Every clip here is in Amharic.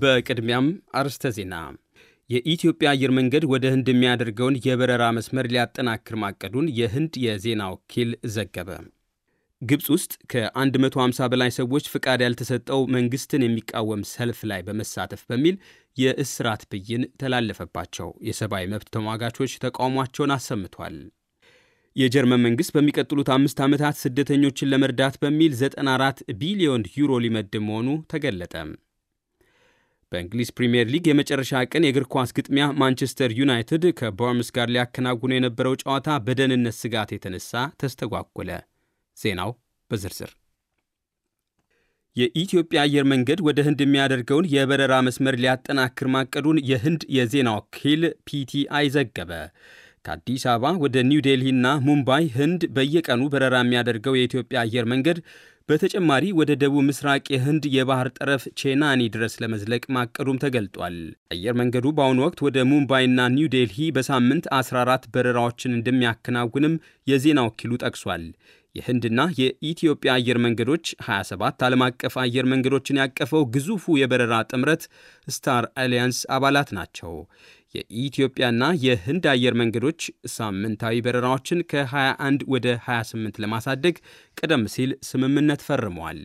በቅድሚያም አርስተ ዜና የኢትዮጵያ አየር መንገድ ወደ ህንድ የሚያደርገውን የበረራ መስመር ሊያጠናክር ማቀዱን የህንድ የዜና ወኪል ዘገበ። ግብፅ ውስጥ ከ150 በላይ ሰዎች ፍቃድ ያልተሰጠው መንግስትን የሚቃወም ሰልፍ ላይ በመሳተፍ በሚል የእስራት ብይን ተላለፈባቸው። የሰብአዊ መብት ተሟጋቾች ተቃውሟቸውን አሰምቷል። የጀርመን መንግስት በሚቀጥሉት አምስት ዓመታት ስደተኞችን ለመርዳት በሚል 94 ቢሊዮን ዩሮ ሊመድብ መሆኑ ተገለጠ። በእንግሊዝ ፕሪምየር ሊግ የመጨረሻ ቀን የእግር ኳስ ግጥሚያ ማንቸስተር ዩናይትድ ከቦርምስ ጋር ሊያከናውኑ የነበረው ጨዋታ በደህንነት ስጋት የተነሳ ተስተጓጎለ። ዜናው በዝርዝር የኢትዮጵያ አየር መንገድ ወደ ህንድ የሚያደርገውን የበረራ መስመር ሊያጠናክር ማቀዱን የህንድ የዜና ወኪል ፒቲአይ ዘገበ። ከአዲስ አበባ ወደ ኒው ዴልሂና ሙምባይ ህንድ በየቀኑ በረራ የሚያደርገው የኢትዮጵያ አየር መንገድ በተጨማሪ ወደ ደቡብ ምስራቅ የህንድ የባህር ጠረፍ ቼናኒ ድረስ ለመዝለቅ ማቀዱም ተገልጧል። አየር መንገዱ በአሁኑ ወቅት ወደ ሙምባይና ኒው ዴልሂ በሳምንት 14 በረራዎችን እንደሚያከናውንም የዜና ወኪሉ ጠቅሷል። የህንድና የኢትዮጵያ አየር መንገዶች 27 ዓለም አቀፍ አየር መንገዶችን ያቀፈው ግዙፉ የበረራ ጥምረት ስታር አሊያንስ አባላት ናቸው። የኢትዮጵያና የህንድ አየር መንገዶች ሳምንታዊ በረራዎችን ከ21 ወደ 28 ለማሳደግ ቀደም ሲል ስምምነት ፈርመዋል።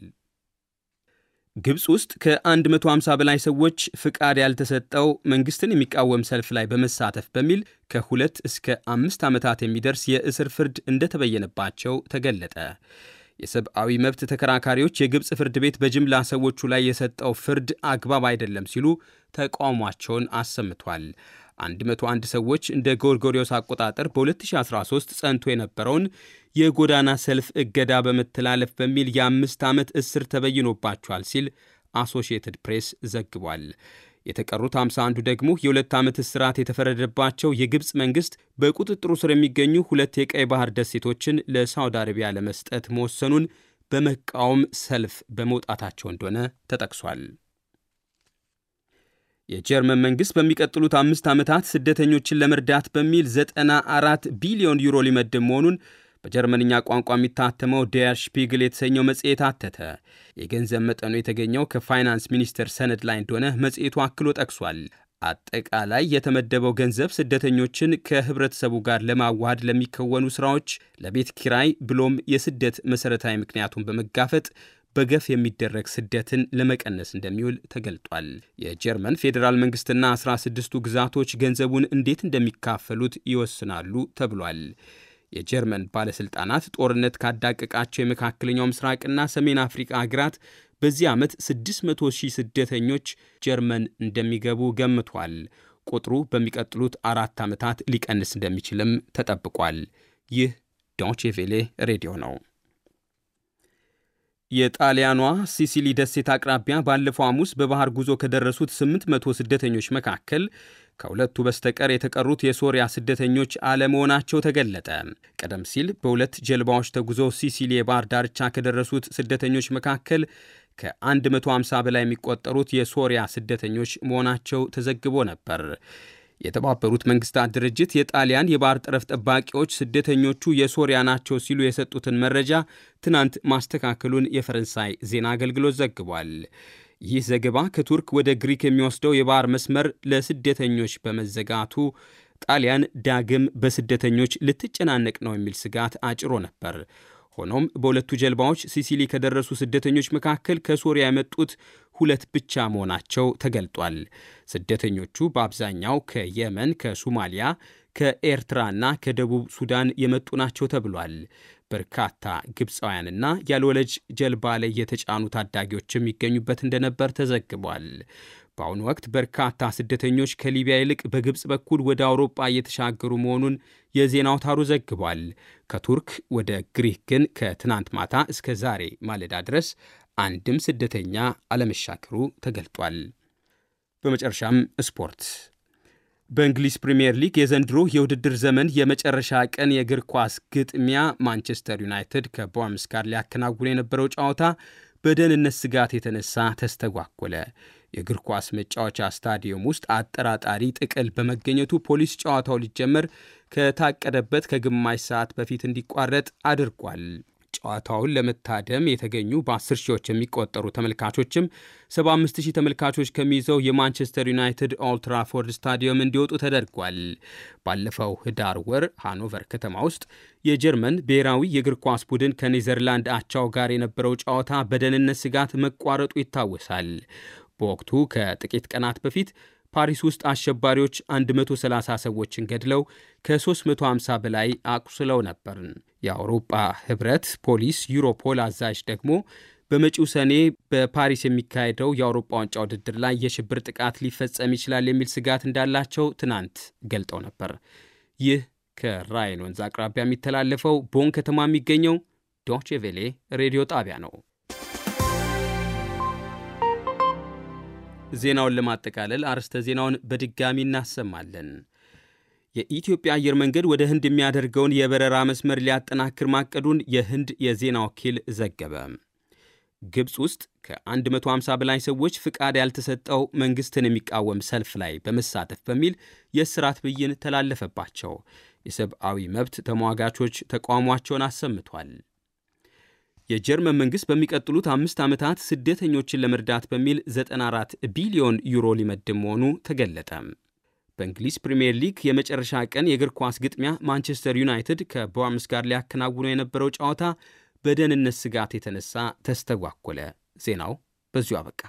ግብፅ ውስጥ ከ150 በላይ ሰዎች ፍቃድ ያልተሰጠው መንግስትን የሚቃወም ሰልፍ ላይ በመሳተፍ በሚል ከሁለት እስከ አምስት ዓመታት የሚደርስ የእስር ፍርድ እንደተበየነባቸው ተገለጠ። የሰብአዊ መብት ተከራካሪዎች የግብፅ ፍርድ ቤት በጅምላ ሰዎቹ ላይ የሰጠው ፍርድ አግባብ አይደለም ሲሉ ተቃውሟቸውን አሰምቷል። 101 ሰዎች እንደ ጎርጎሪዮስ አቆጣጠር በ2013 ጸንቶ የነበረውን የጎዳና ሰልፍ እገዳ በመተላለፍ በሚል የአምስት ዓመት እስር ተበይኖባቸዋል ሲል አሶሺየትድ ፕሬስ ዘግቧል። የተቀሩት 51 ደግሞ የሁለት ዓመት እስራት የተፈረደባቸው የግብፅ መንግስት በቁጥጥሩ ስር የሚገኙ ሁለት የቀይ ባህር ደሴቶችን ለሳውዲ አረቢያ ለመስጠት መወሰኑን በመቃወም ሰልፍ በመውጣታቸው እንደሆነ ተጠቅሷል። የጀርመን መንግስት በሚቀጥሉት አምስት ዓመታት ስደተኞችን ለመርዳት በሚል 94 ቢሊዮን ዩሮ ሊመድብ መሆኑን በጀርመንኛ ቋንቋ የሚታተመው ዲያር ሽፒግል የተሰኘው መጽሔት አተተ። የገንዘብ መጠኑ የተገኘው ከፋይናንስ ሚኒስቴር ሰነድ ላይ እንደሆነ መጽሔቱ አክሎ ጠቅሷል። አጠቃላይ የተመደበው ገንዘብ ስደተኞችን ከህብረተሰቡ ጋር ለማዋሃድ ለሚከወኑ ስራዎች፣ ለቤት ኪራይ ብሎም የስደት መሠረታዊ ምክንያቱን በመጋፈጥ በገፍ የሚደረግ ስደትን ለመቀነስ እንደሚውል ተገልጧል። የጀርመን ፌዴራል መንግስትና አስራ ስድስቱ ግዛቶች ገንዘቡን እንዴት እንደሚካፈሉት ይወስናሉ ተብሏል። የጀርመን ባለሥልጣናት ጦርነት ካዳቀቃቸው የመካከለኛው ምስራቅና ሰሜን አፍሪካ አገራት በዚህ ዓመት 600 ሺህ ስደተኞች ጀርመን እንደሚገቡ ገምቷል። ቁጥሩ በሚቀጥሉት አራት ዓመታት ሊቀንስ እንደሚችልም ተጠብቋል። ይህ ዶቼ ቬሌ ሬዲዮ ነው። የጣሊያኗ ሲሲሊ ደሴት አቅራቢያ ባለፈው ሐሙስ በባህር ጉዞ ከደረሱት 800 ስደተኞች መካከል ከሁለቱ በስተቀር የተቀሩት የሶሪያ ስደተኞች አለመሆናቸው ተገለጠ። ቀደም ሲል በሁለት ጀልባዎች ተጉዞ ሲሲሊ የባህር ዳርቻ ከደረሱት ስደተኞች መካከል ከ150 በላይ የሚቆጠሩት የሶሪያ ስደተኞች መሆናቸው ተዘግቦ ነበር። የተባበሩት መንግስታት ድርጅት የጣሊያን የባህር ጠረፍ ጠባቂዎች ስደተኞቹ የሶሪያ ናቸው ሲሉ የሰጡትን መረጃ ትናንት ማስተካከሉን የፈረንሳይ ዜና አገልግሎት ዘግቧል። ይህ ዘገባ ከቱርክ ወደ ግሪክ የሚወስደው የባህር መስመር ለስደተኞች በመዘጋቱ ጣሊያን ዳግም በስደተኞች ልትጨናነቅ ነው የሚል ስጋት አጭሮ ነበር። ሆኖም በሁለቱ ጀልባዎች ሲሲሊ ከደረሱ ስደተኞች መካከል ከሶሪያ የመጡት ሁለት ብቻ መሆናቸው ተገልጧል። ስደተኞቹ በአብዛኛው ከየመን፣ ከሱማሊያ፣ ከኤርትራና ከደቡብ ሱዳን የመጡ ናቸው ተብሏል። በርካታ ግብፃውያንና ያልወለጅ ጀልባ ላይ የተጫኑ ታዳጊዎችም ይገኙበት እንደነበር ተዘግቧል። በአሁኑ ወቅት በርካታ ስደተኞች ከሊቢያ ይልቅ በግብፅ በኩል ወደ አውሮጳ እየተሻገሩ መሆኑን የዜና አውታሩ ዘግቧል። ከቱርክ ወደ ግሪክ ግን ከትናንት ማታ እስከ ዛሬ ማለዳ ድረስ አንድም ስደተኛ አለመሻገሩ ተገልጧል። በመጨረሻም ስፖርት። በእንግሊዝ ፕሪምየር ሊግ የዘንድሮ የውድድር ዘመን የመጨረሻ ቀን የእግር ኳስ ግጥሚያ ማንቸስተር ዩናይትድ ከቦርምስ ጋር ሊያከናውን የነበረው ጨዋታ በደህንነት ስጋት የተነሳ ተስተጓጎለ። የእግር ኳስ መጫወቻ ስታዲየም ውስጥ አጠራጣሪ ጥቅል በመገኘቱ ፖሊስ ጨዋታው ሊጀመር ከታቀደበት ከግማሽ ሰዓት በፊት እንዲቋረጥ አድርጓል። ጨዋታውን ለመታደም የተገኙ በ10 ሺዎች የሚቆጠሩ ተመልካቾችም 75 ሺህ ተመልካቾች ከሚይዘው የማንቸስተር ዩናይትድ ኦልትራፎርድ ስታዲየም እንዲወጡ ተደርጓል። ባለፈው ህዳር ወር ሃኖቨር ከተማ ውስጥ የጀርመን ብሔራዊ የእግር ኳስ ቡድን ከኔዘርላንድ አቻው ጋር የነበረው ጨዋታ በደህንነት ስጋት መቋረጡ ይታወሳል። በወቅቱ ከጥቂት ቀናት በፊት ፓሪስ ውስጥ አሸባሪዎች 130 ሰዎችን ገድለው ከ350 በላይ አቁስለው ነበርን። የአውሮጳ ህብረት ፖሊስ ዩሮፖል አዛዥ ደግሞ በመጪው ሰኔ በፓሪስ የሚካሄደው የአውሮፓ ዋንጫ ውድድር ላይ የሽብር ጥቃት ሊፈጸም ይችላል የሚል ስጋት እንዳላቸው ትናንት ገልጠው ነበር። ይህ ከራይን ወንዝ አቅራቢያ የሚተላለፈው ቦን ከተማ የሚገኘው ዶቼ ቬሌ ሬዲዮ ጣቢያ ነው። ዜናውን ለማጠቃለል አርስተ ዜናውን በድጋሚ እናሰማለን። የኢትዮጵያ አየር መንገድ ወደ ህንድ የሚያደርገውን የበረራ መስመር ሊያጠናክር ማቀዱን የህንድ የዜና ወኪል ዘገበ። ግብፅ ውስጥ ከ150 በላይ ሰዎች ፍቃድ ያልተሰጠው መንግስትን የሚቃወም ሰልፍ ላይ በመሳተፍ በሚል የእስራት ብይን ተላለፈባቸው። የሰብአዊ መብት ተሟጋቾች ተቃውሟቸውን አሰምቷል። የጀርመን መንግስት በሚቀጥሉት አምስት ዓመታት ስደተኞችን ለመርዳት በሚል 94 ቢሊዮን ዩሮ ሊመድብ መሆኑ ተገለጠ። በእንግሊዝ ፕሪምየር ሊግ የመጨረሻ ቀን የእግር ኳስ ግጥሚያ ማንቸስተር ዩናይትድ ከቦርምስ ጋር ሊያከናውነው የነበረው ጨዋታ በደህንነት ስጋት የተነሳ ተስተጓኮለ። ዜናው በዚሁ አበቃ።